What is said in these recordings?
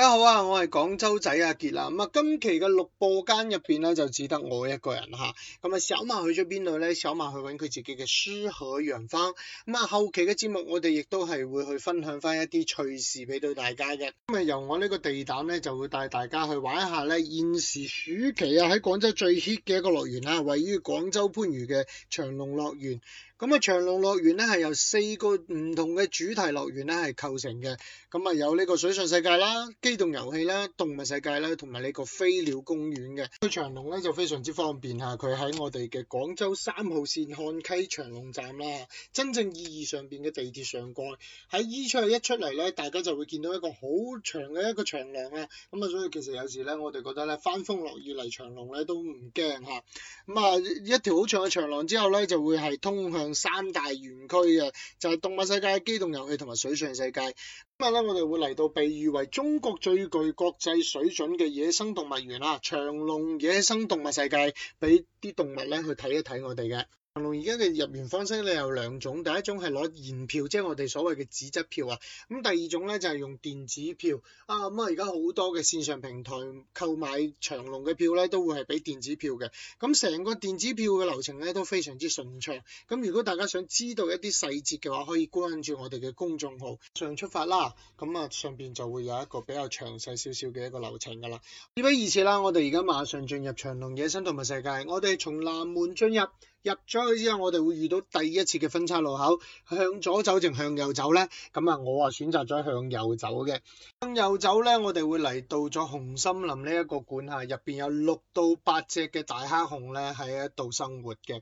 大家、哎、好啊，我係廣州仔阿杰啦。咁啊，今期嘅錄播間入邊咧就只得我一個人吓。咁啊，小馬去咗邊度咧？小馬去搵佢自己嘅書海洋坊。咁啊，後期嘅節目我哋亦都係會去分享翻一啲趣事俾到大家嘅。咁啊，由我呢個地膽咧就會帶大家去玩一下咧，現時暑期啊喺廣州最 hit 嘅一個樂園啊，位於廣州番禺嘅長隆樂園。咁啊，長隆樂園咧係由四個唔同嘅主題樂園咧係構成嘅。咁啊，有呢個水上世界啦。機動遊戲啦、動物世界啦，同埋呢個飛鳥公園嘅。去長隆咧就非常之方便嚇，佢喺我哋嘅廣州三號線漢溪長隆站啦，真正意義上面嘅地鐵上蓋喺依出嚟一出嚟咧，大家就會見到一個好長嘅一個長廊啊，咁啊，所以其實有時咧，我哋覺得咧，翻風落雨嚟長隆咧都唔驚嚇。咁啊，一條好長嘅長廊之後咧就會係通向三大園區嘅，就係、是、動物世界、機動遊戲同埋水上世界。今日我哋會嚟到被譽為中國最具國際水準嘅野生動物園啊，長隆野生動物世界，俾啲動物去睇一睇我哋嘅。長隆而家嘅入園方式咧有兩種，第一種係攞現票，即係我哋所謂嘅紙質票啊。咁第二種咧就係用電子票啊。咁啊，而家好多嘅線上平台購買長隆嘅票咧，都會係俾電子票嘅。咁成個電子票嘅流程咧都非常之順暢。咁如果大家想知道一啲細節嘅話，可以關注我哋嘅公眾號上出發啦。咁啊，上邊就會有一個比較詳細少少嘅一個流程㗎啦。好啦，事不宜遲啦，我哋而家馬上進入長隆野生動物世界。我哋從南門進入。入咗去之後，我哋會遇到第一次嘅分岔路口，向左走定向右走咧？咁啊，我啊選擇咗向右走嘅。向右走咧，我哋會嚟到咗紅森林呢一個館嚇，入邊有六到八隻嘅大黑熊咧喺一度生活嘅。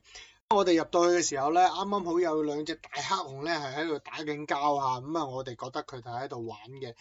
我哋入到去嘅時候咧，啱啱好有兩隻大黑熊咧係喺度打緊交啊，咁啊，我哋覺得佢哋喺度玩嘅。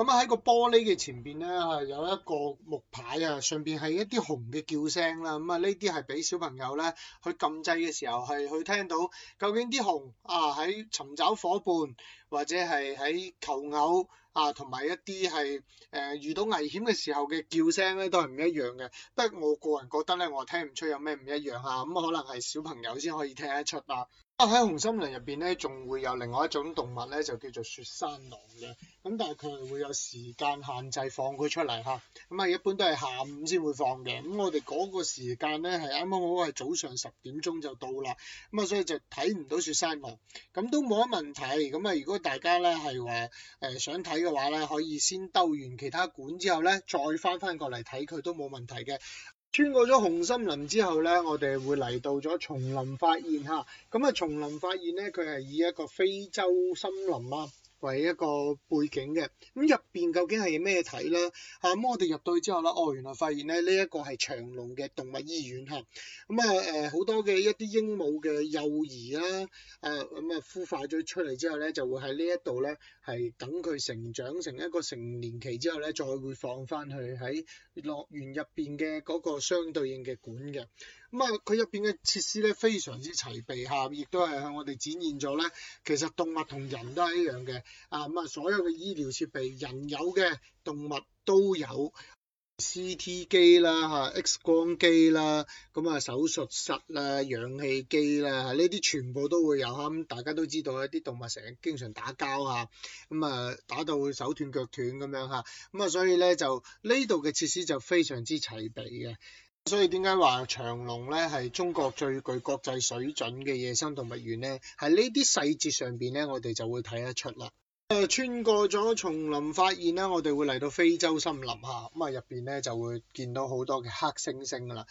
咁啊喺個玻璃嘅前邊咧係有一個木牌啊，上邊係一啲熊嘅叫聲啦。咁啊呢啲係俾小朋友咧去撳掣嘅時候係去聽到究竟啲熊啊喺尋找伙伴或者係喺求偶啊同埋一啲係誒遇到危險嘅時候嘅叫聲咧都係唔一樣嘅。不過我個人覺得咧我聽唔出有咩唔一樣啊。咁、嗯、可能係小朋友先可以聽得出啊。喺紅森林入邊咧，仲會有另外一種動物咧，就叫做雪山狼嘅。咁但係佢係會有時間限制放佢出嚟嚇。咁啊，一般都係下午先會放嘅。咁我哋嗰個時間咧，係啱啱好係早上十點鐘就到啦。咁啊，所以就睇唔到雪山狼。咁都冇乜問題。咁啊，如果大家咧係、呃、話誒想睇嘅話咧，可以先兜完其他館之後咧，再返返過嚟睇佢都冇問題嘅。穿過咗紅森林之後咧，我哋會嚟到咗叢林發現吓。咁啊，叢林發現咧，佢係以一個非洲森林啦、啊。為一個背景嘅，咁入邊究竟係咩睇咧？嚇、啊，咁、嗯、我哋入到去之後咧，哦，原來發現咧呢一個係長隆嘅動物醫院嚇，咁啊，誒好、嗯、多嘅一啲鸚鵡嘅幼兒啦、啊，誒咁啊孵、嗯、化咗出嚟之後咧，就會喺呢一度咧係等佢成長成一個成年期之後咧，再會放翻去喺樂園入邊嘅嗰個相對應嘅館嘅。咁啊，佢入邊嘅設施咧非常之齊備嚇，亦都係向我哋展現咗咧，其實動物同人都係一樣嘅，啊咁啊，所有嘅醫療設備，人有嘅動物都有，CT 機啦嚇，X 光機啦，咁啊手術室啦，氧氣機啦，呢啲全部都會有嚇。咁大家都知道一啲動物成日經常打交嚇，咁啊打到手斷腳斷咁樣嚇，咁啊所以咧就呢度嘅設施就非常之齊備嘅。所以點解話長隆咧係中國最具國際水準嘅野生動物園呢？喺呢啲細節上邊咧，我哋就會睇得出啦。誒、呃，穿過咗叢林，發現咧，我哋會嚟到非洲森林吓，咁啊入邊咧就會見到好多嘅黑猩猩噶啦。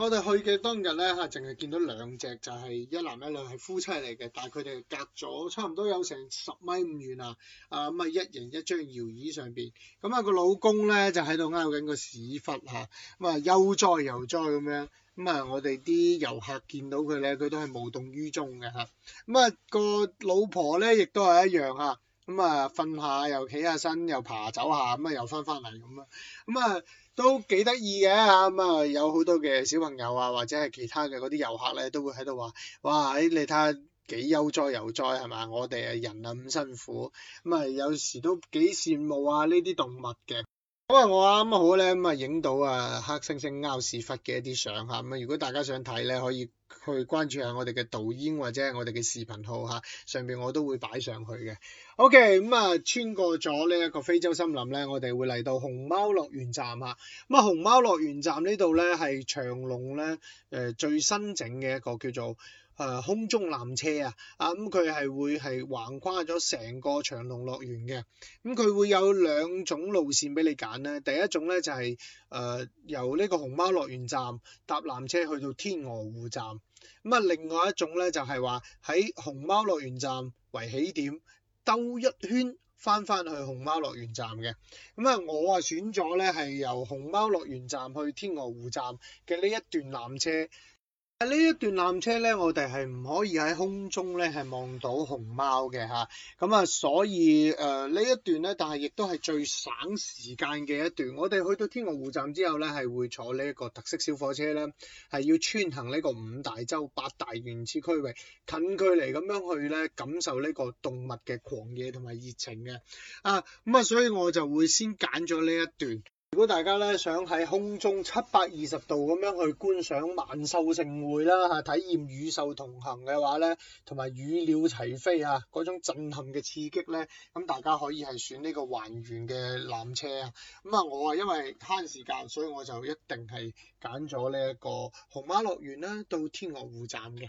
我哋去嘅當日咧，吓淨係見到兩隻，就係一男一女係夫妻嚟嘅，但係佢哋隔咗差唔多有成十米咁遠啊！啊咁啊，一人一張搖椅上邊，咁啊個老公咧就喺度拗緊個屎忽吓，咁啊悠哉悠哉咁樣，咁啊我哋啲遊客見到佢咧，佢都係無動於衷嘅吓，咁啊個、啊、老婆咧亦都係一樣吓。啊咁啊，瞓、嗯、下又企下身，又爬走下，咁、嗯、啊又翻翻嚟咁啊，咁、嗯、啊、嗯嗯、都幾得意嘅嚇，咁、嗯、啊、嗯、有好多嘅小朋友啊，或者係其他嘅嗰啲遊客咧，都會喺度話，哇！誒，你睇下幾悠哉悠哉係嘛？我哋啊人啊咁辛苦，咁、嗯、啊、嗯、有時都幾羨慕啊呢啲動物嘅。咁、嗯、為、嗯嗯、我啱啱好咧，咁啊影到啊黑猩猩勾屎忽嘅一啲相嚇，咁、嗯、啊、嗯嗯、如果大家想睇咧，可以。去關注下我哋嘅抖音，或者係我哋嘅視頻號嚇，上邊我都會擺上去嘅。OK，咁、嗯、啊，穿過咗呢一個非洲森林咧，我哋會嚟到熊貓樂園站嚇。咁、嗯、啊，熊貓樂園站呢度咧係長隆咧誒最新整嘅一個叫做。誒、呃、空中纜車啊！啊咁佢係會係橫跨咗成個長隆樂園嘅，咁、嗯、佢會有兩種路線俾你揀咧。第一種咧就係、是、誒、呃、由呢個熊貓樂園站搭纜車去到天鵝湖站，咁、嗯、啊另外一種咧就係話喺熊貓樂園站為起點兜一圈翻翻去熊貓樂園站嘅。咁、嗯、啊我啊選咗咧係由熊貓樂園站去天鵝湖站嘅呢一段纜車。呢、啊、一段纜車咧，我哋係唔可以喺空中咧係望到熊貓嘅吓，咁啊，啊，所以誒呢、呃、一段咧，但係亦都係最省時間嘅一段。我哋去到天鵝湖站之後咧，係會坐呢一個特色小火車咧，係要穿行呢個五大洲八大原始區域，近距離咁樣去咧感受呢個動物嘅狂野同埋熱情嘅啊咁啊，所以我就會先揀咗呢一段。如果大家咧想喺空中七百二十度咁樣去觀賞萬獸盛會啦嚇，體驗與獸同行嘅話咧，同埋與鳥齊飛啊嗰種震撼嘅刺激咧，咁大家可以係選呢個還原嘅纜車啊。咁啊，我啊因為慳時間，所以我就一定係揀咗呢一個熊貓樂園啦到天鵝湖站嘅。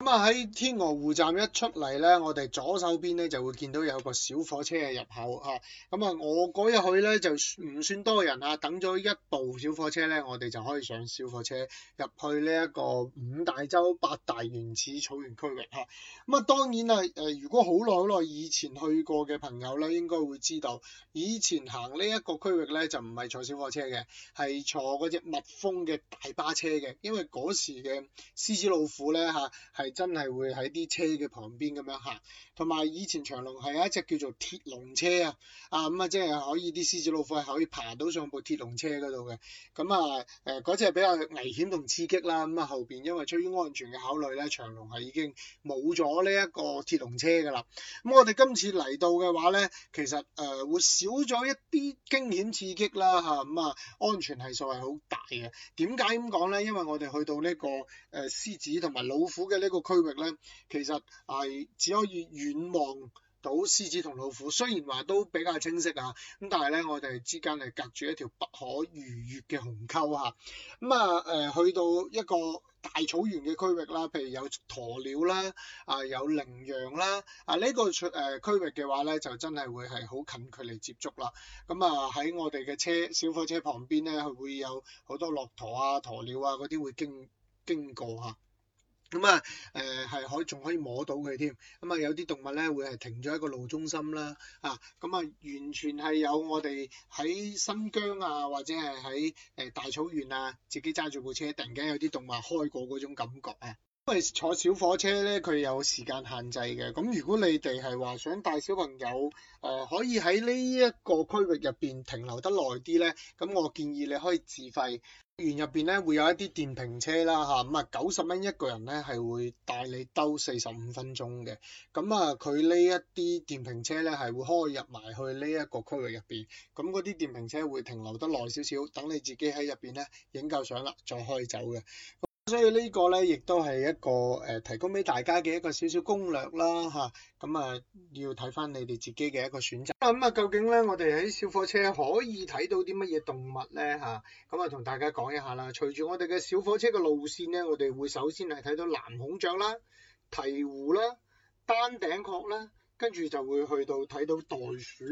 咁啊喺天鵝湖站一出嚟咧，我哋左手邊咧就會見到有個小火車嘅入口吓。咁啊，啊，我嗰日去咧就算唔算多人啊，等咗一部小火車咧，我哋就可以上小火車入去呢一個五大洲八大原始草原區域吓。咁啊，啊，當然啦，誒、啊，如果好耐好耐以前去過嘅朋友咧，應該會知道以前行呢一個區域咧就唔係坐小火車嘅，係坐嗰隻密封嘅大巴車嘅，因為嗰時嘅獅子老虎咧吓係。啊真係會喺啲車嘅旁邊咁樣行，同埋以前長隆係有一隻叫做鐵籠車啊，啊咁啊即係可以啲獅子老虎係可以爬到上部鐵籠車嗰度嘅，咁、嗯、啊誒嗰隻係比較危險同刺激啦，咁、嗯、啊後邊因為出於安全嘅考慮咧，長隆係已經冇咗呢一個鐵籠車噶啦。咁、嗯、我哋今次嚟到嘅話咧，其實誒、呃、會少咗一啲驚險刺激啦吓，咁啊、嗯、安全係數係好大嘅。點解咁講咧？因為我哋去到呢、這個誒獅、呃、子同埋老虎嘅呢、這個。個區域咧，其實係、呃、只可以遠望到獅子同老虎，雖然話都比較清晰啊，咁但係咧，我哋之間係隔住一條不可逾越嘅鴻溝嚇。咁啊，誒、呃、去到一個大草原嘅區域啦，譬如有鴕鳥啦，啊有羚羊啦，啊、這個呃、區呢個出誒區域嘅話咧，就真係會係好近距離接觸啦。咁啊，喺我哋嘅車小火車旁邊咧，佢會有好多駱駝啊、鴕鳥啊嗰啲會經經過嚇。咁啊，誒、嗯，係可仲可以摸到佢添，咁、嗯、啊有啲動物咧會係停咗喺個路中心啦，啊，咁、嗯、啊完全係有我哋喺新疆啊或者係喺誒大草原啊，自己揸住部車，突然間有啲動物開過嗰種感覺啊！因為坐小火車咧，佢有時間限制嘅。咁如果你哋係話想帶小朋友，誒、呃、可以喺呢一個區域入邊停留得耐啲咧，咁我建議你可以自費。園入邊咧會有一啲電瓶車啦，吓，咁啊，九十蚊一個人咧係會帶你兜四十五分鐘嘅。咁啊，佢呢一啲電瓶車咧係會開入埋去呢一個區域入邊，咁嗰啲電瓶車會停留得耐少少，等你自己喺入邊咧影夠相啦，再開走嘅。所以個呢個咧，亦都係一個誒、呃、提供俾大家嘅一個少少攻略啦，嚇、啊。咁啊，要睇翻你哋自己嘅一個選擇。咁啊、嗯嗯，究竟咧，我哋喺小火車可以睇到啲乜嘢動物咧，嚇？咁啊，同、嗯、大家講一下啦。隨住我哋嘅小火車嘅路線咧，我哋會首先係睇到藍孔雀啦、鵜鶘啦、丹頂鶴啦，跟住就會去到睇到袋鼠、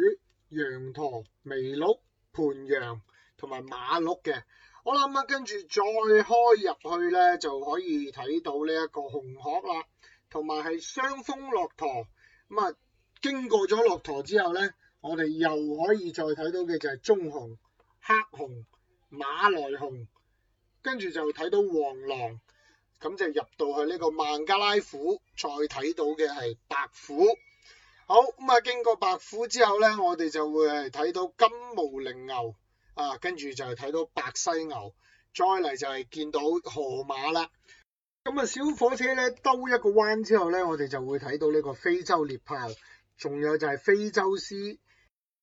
羊駝、麋鹿、盤羊同埋馬鹿嘅。好啦，咁啊，跟住再開入去咧，就可以睇到呢一個紅鶴啦，同埋係雙峰駱駝。咁啊，經過咗駱駝之後咧，我哋又可以再睇到嘅就係棕熊、黑熊、馬來熊，跟住就睇到黃狼。咁就入到去呢個孟加拉虎，再睇到嘅係白虎。好，咁啊，經過白虎之後咧，我哋就會係睇到金毛羚牛。啊，跟住就係睇到白犀牛，再嚟就係見到河馬啦。咁啊，小火車咧兜一個彎之後呢，我哋就會睇到呢個非洲獵豹，仲有就係非洲獅。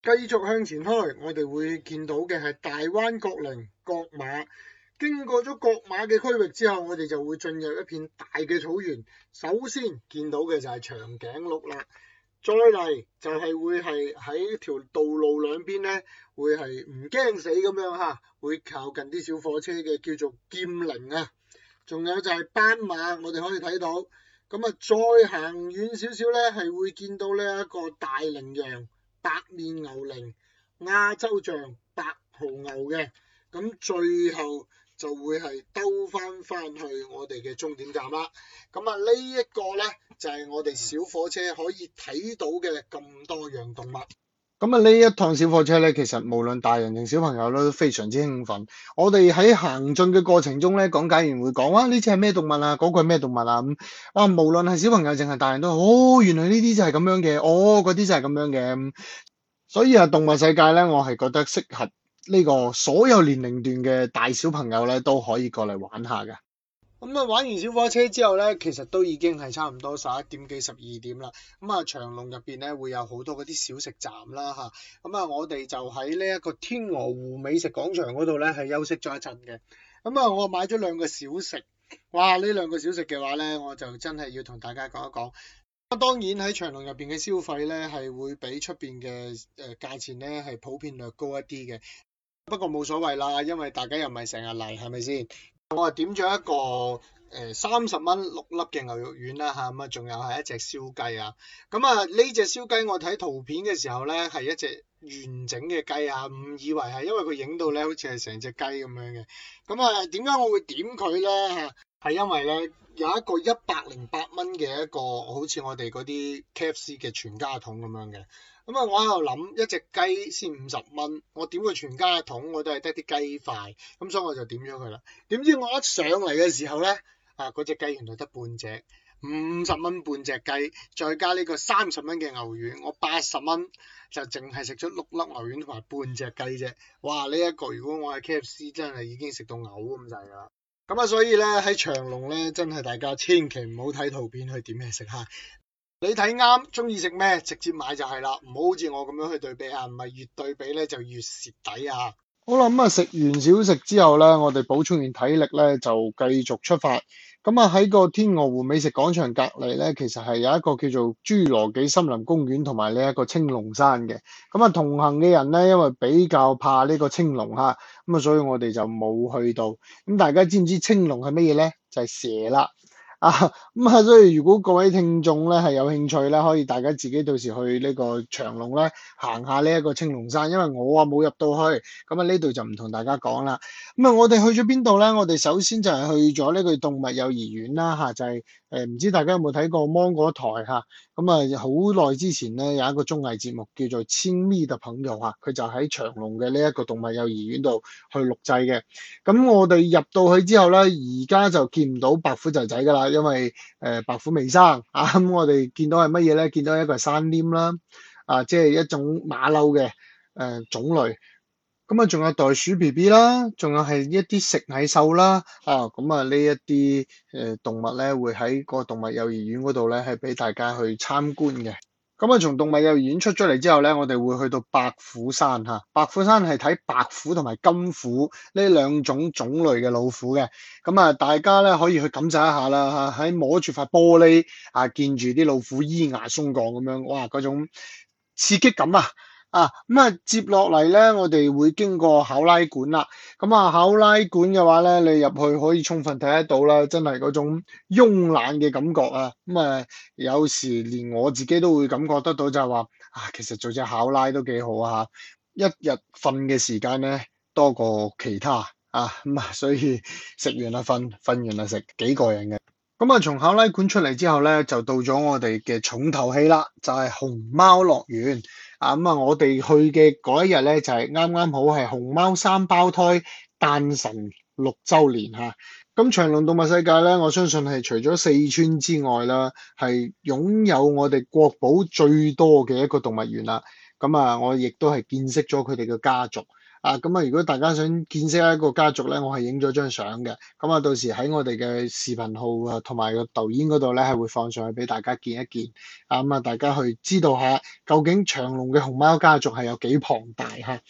繼續向前開，我哋會見到嘅係大彎角羚、角馬。經過咗角馬嘅區域之後，我哋就會進入一片大嘅草原。首先見到嘅就係長頸鹿啦。再嚟就係會係喺條道路兩邊咧，會係唔驚死咁樣嚇，會靠近啲小火車嘅叫做劍羚啊，仲有就係斑馬，我哋可以睇到。咁啊，再行遠少少咧，係會見到呢一個大羚羊、白面牛羚、亞洲象、白豪牛嘅。咁最後。就會係兜翻翻去我哋嘅終點站啦。咁啊，呢一個呢，就係、是、我哋小火車可以睇到嘅咁多樣動物。咁啊，呢一趟小火車呢，其實無論大人定小朋友都非常之興奮。我哋喺行進嘅過程中呢，講解員會講啊：「呢隻係咩動物啊，嗰、這個係咩動物啊咁。啊，無論係小朋友定係大人都，好、哦。原來呢啲就係咁樣嘅，哦，嗰啲就係咁樣嘅。所以啊，動物世界呢，我係覺得適合。呢個所有年齡段嘅大小朋友咧都可以過嚟玩下㗎。咁啊玩完小火車之後咧，其實都已經係差唔多十一點幾十二點啦。咁啊長隆入邊咧會有好多嗰啲小食站啦吓。咁啊我哋就喺呢一個天鵝湖美食廣場嗰度咧係休息咗一陣嘅。咁啊我買咗兩個小食。哇呢兩個小食嘅話咧，我就真係要同大家講一講。啊、當然喺長隆入邊嘅消費咧係會比出邊嘅誒價錢咧係普遍略高一啲嘅。不過冇所謂啦，因為大家又唔係成日嚟，係咪先？我係點咗一個誒三十蚊六粒嘅牛肉丸啦吓，咁啊仲有係一隻燒雞啊。咁啊呢隻燒雞我睇圖片嘅時候咧係一隻完整嘅雞啊，誤以為係因為佢影到咧好似係成隻雞咁樣嘅。咁啊點解我會點佢咧？係因為咧。有一個一百零八蚊嘅一個，好似我哋嗰啲 KFC 嘅全家桶咁樣嘅。咁啊，我喺度諗一隻雞先五十蚊，我點個全家桶我都係得啲雞塊，咁所以我就點咗佢啦。點知我一上嚟嘅時候咧，啊嗰隻雞原來得半隻，五十蚊半隻雞，再加呢個三十蚊嘅牛丸，我八十蚊就淨係食咗六粒牛丸同埋半隻雞啫。哇！呢一個如果我喺 KFC 真係已經食到嘔咁滯啦～咁啊，所以咧喺長隆咧，真係大家千祈唔好睇圖片去點咩食吓。你睇啱，中意食咩，直接買就係啦，唔好好似我咁樣去對比啊，唔係越對比咧就越蝕底啊。好啦，咁、嗯、啊，食完小食之後咧，我哋補充完體力咧，就繼續出發。咁啊，喺個天鵝湖美食廣場隔籬咧，其實係有一個叫做侏羅紀森林公園同埋呢一個青龍山嘅。咁啊，同行嘅人咧，因為比較怕呢個青龍吓，咁啊，所以我哋就冇去到。咁大家知唔知青龍係乜嘢咧？就係蛇啦。啊，咁、嗯、啊，所以如果各位聽眾咧係有興趣咧，可以大家自己到時去呢個長隆咧行下呢一個青龍山，因為我啊冇入到去，咁啊呢度就唔同大家講啦。咁、嗯、啊，我哋去咗邊度咧？我哋首先就係去咗呢個動物幼兒園啦，吓、啊，就係、係。誒，唔知大家有冇睇過芒果台嚇？咁啊好耐之前咧有一個綜藝節目叫做《千咪的朋友》嚇，佢就喺長隆嘅呢一個動物幼兒園度去錄製嘅。咁、嗯、我哋入到去之後咧，而家就見唔到白虎仔仔㗎啦，因為誒、呃、白虎未生啊。咁、嗯、我哋見到係乜嘢咧？見到一個係山魈啦，啊即係一種馬騮嘅誒種類。咁啊，仲有袋鼠 B B 啦，仲有係一啲食蟻獸啦，啊，咁啊呢一啲誒動物咧，會喺個動物幼兒園嗰度咧，係俾大家去參觀嘅。咁啊，從動物幼兒園出咗嚟之後咧，我哋會去到白虎山嚇、啊。白虎山係睇白虎同埋金虎呢兩種種類嘅老虎嘅。咁啊，大家咧可以去感受一下啦嚇，喺、啊、摸住塊玻璃啊，見住啲老虎咿牙鬆降咁樣，哇，嗰種刺激感啊！啊，咁啊，接落嚟咧，我哋會經過考拉館啦。咁、嗯、啊，考拉館嘅話咧，你入去可以充分睇得到啦，真係嗰種慵懶嘅感覺啊。咁、嗯、啊，有時連我自己都會感覺得到就，就係話啊，其實做隻考拉都幾好啊，吓，一日瞓嘅時間咧多過其他啊。咁、嗯、啊，所以食完啊瞓，瞓完啊食，幾過癮嘅。咁、嗯、啊，從考拉館出嚟之後咧，就到咗我哋嘅重頭戲啦，就係、是、熊貓樂園。咁啊、嗯！我哋去嘅嗰一日咧，就係啱啱好係熊貓三胞胎誕辰六周年嚇。咁、啊、長隆動物世界咧，我相信係除咗四川之外啦，係擁有我哋國寶最多嘅一個動物園啦。咁啊，我亦都係見識咗佢哋嘅家族。啊，咁啊，如果大家想見識一個家族咧，我係影咗張相嘅。咁啊，到時喺我哋嘅視頻號啊，同埋個抖音嗰度咧，係會放上去俾大家見一見。啊，咁啊，大家去知道下究竟長隆嘅熊貓家族係有幾龐大嚇。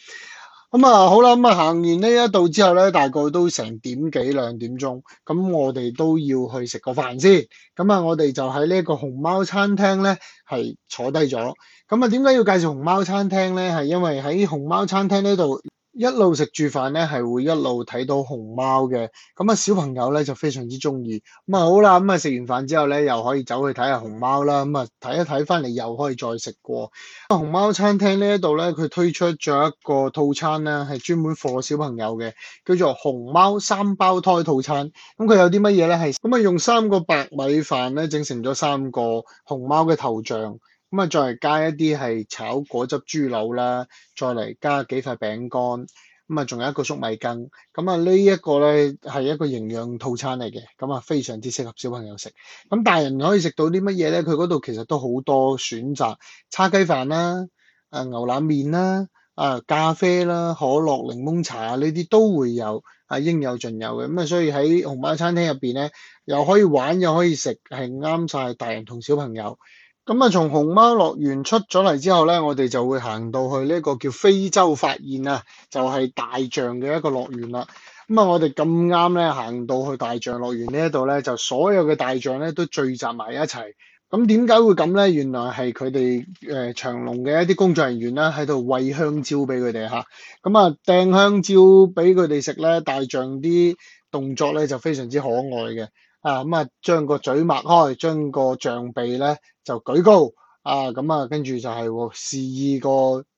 咁啊，啊，好啦，咁啊行完呢一度之後咧，大概都成點幾兩點鐘，咁、啊、我哋都要去食個飯先。咁啊，我哋就喺呢個熊貓餐廳咧係坐低咗。咁啊，點、啊、解要介紹熊貓餐廳咧？係因為喺熊貓餐廳呢度。一路食住飯咧，係會一路睇到熊貓嘅，咁啊小朋友咧就非常之中意。咁啊好啦，咁啊食完飯之後咧，又可以走去睇下熊貓啦。咁啊睇一睇翻嚟，又可以再食過。那個、熊貓餐廳呢一度咧，佢推出咗一個套餐啦，係專門畀小朋友嘅，叫做熊貓三胞胎套餐。咁佢有啲乜嘢咧？係咁啊，用三個白米飯咧整成咗三個熊貓嘅頭像。咁啊，再加一啲係炒果汁豬柳啦，再嚟加幾塊餅乾，咁、嗯、啊，仲有一個粟米羹。咁、嗯、啊，這個、呢一個咧係一個營養套餐嚟嘅，咁、嗯、啊，非常之適合小朋友食。咁、嗯、大人可以食到啲乜嘢咧？佢嗰度其實都好多選擇，叉雞飯啦、啊牛腩麵啦、啊咖啡啦、可樂、檸檬茶呢、啊、啲都會有，啊應有盡有嘅。咁、嗯、啊，所以喺熊貓餐廳入邊咧，又可以玩又可以食，係啱晒大人同小朋友。咁啊，從熊貓樂園出咗嚟之後咧，我哋就會行到去呢個叫非洲發現啊，就係、是、大象嘅一個樂園啦。咁啊，我哋咁啱咧行到去大象樂園呢一度咧，就所有嘅大象咧都聚集埋一齊。咁點解會咁咧？原來係佢哋誒長隆嘅一啲工作人員咧，喺度喂香蕉俾佢哋吓。咁啊，掟、啊、香蕉俾佢哋食咧，大象啲動作咧就非常之可愛嘅。啊咁啊，將個嘴擘開，將個象鼻咧就舉高。啊，咁啊，跟住就係示意個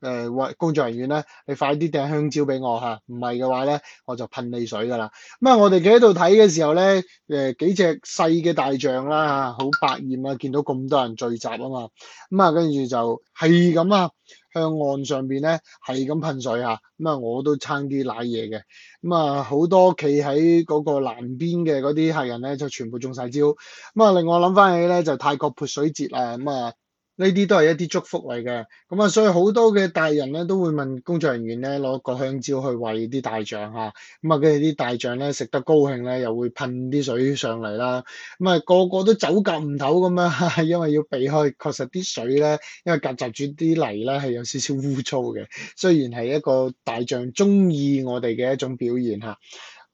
誒喂、呃、工作人員咧，你快啲掟香蕉俾我吓，唔係嘅話咧，我就噴你水噶啦。咁、呃、啊，我哋企喺度睇嘅時候咧，誒幾隻細嘅大象啦，好百厭啊，見到咁多人聚集啊嘛。咁啊，跟住就係咁啊，向岸上邊咧係咁噴水啊。咁啊，我都撐啲瀨嘢嘅。咁啊，好多企喺嗰個南邊嘅嗰啲客人咧，就全部中晒招。咁啊，令我諗翻起咧，就泰國潑水節啊，咁啊～呢啲都係一啲祝福嚟嘅，咁啊，所以好多嘅大人咧都會問工作人員咧攞個香蕉去餵啲大象嚇，咁啊，跟住啲大象咧食得高興咧又會噴啲水上嚟啦，咁啊，個個都走夾唔唞咁樣，因為要避開，確實啲水咧，因為夾雜住啲泥咧係有少少污糟嘅，雖然係一個大象中意我哋嘅一種表現嚇。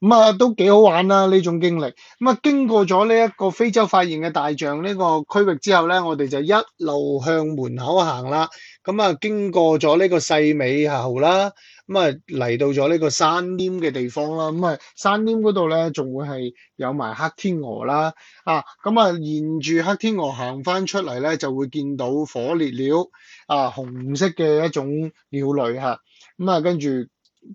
咁啊，都幾好玩啦呢種經歷。咁啊，經過咗呢一個非洲發現嘅大象呢個區域之後呢，我哋就一路向門口行啦。咁啊，經過咗呢個細尾猴啦，咁啊嚟到咗呢個山巒嘅地方啦。咁啊，山巒嗰度呢，仲會係有埋黑天鵝啦。啊，咁啊，沿住黑天鵝行翻出嚟呢，就會見到火烈鳥啊，紅色嘅一種鳥類嚇。咁啊，跟住。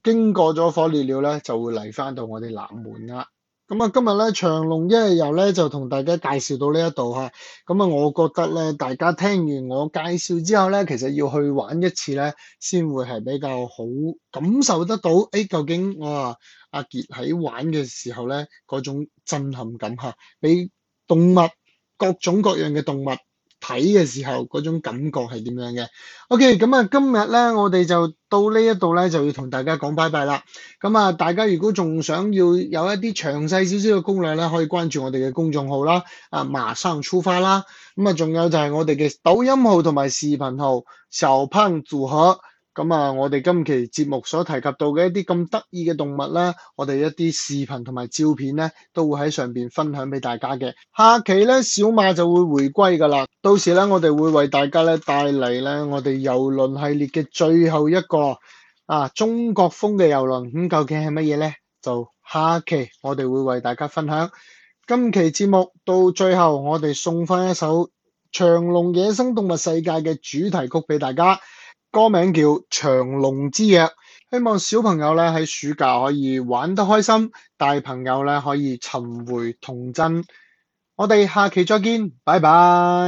經過咗火烈鳥呢，就會嚟翻到我哋南門啦。咁啊，今日咧長隆一日遊呢，就同大家介紹到呢一度吓。咁啊，我覺得咧，大家聽完我介紹之後呢，其實要去玩一次呢，先會係比較好感受得到。誒、哎，究竟我啊阿傑喺玩嘅時候呢，嗰種震撼感吓，俾動物各種各樣嘅動物。睇嘅時候嗰種感覺係點樣嘅？OK，咁、嗯、啊今日咧我哋就到呢一度咧，就要同大家講拜拜啦。咁、嗯、啊大家如果仲想要有一啲詳細少少嘅攻略咧，可以關注我哋嘅公眾號、啊、馬上出發啦，啊麻生初花啦。咁啊仲有就係我哋嘅抖音號同埋視頻號小胖組合。咁啊！我哋今期節目所提及到嘅一啲咁得意嘅動物啦，我哋一啲視頻同埋照片呢，都會喺上邊分享俾大家嘅。下期呢，小馬就會回歸噶啦。到時呢，我哋會為大家呢，帶嚟呢我哋遊輪系列嘅最後一個啊中國風嘅遊輪。咁究竟係乜嘢呢？就下期我哋會為大家分享。今期節目到最後，我哋送翻一首長隆野生動物世界嘅主題曲俾大家。歌名叫《長隆之約》，希望小朋友咧喺暑假可以玩得開心，大朋友咧可以尋回童真。我哋下期再見，拜拜。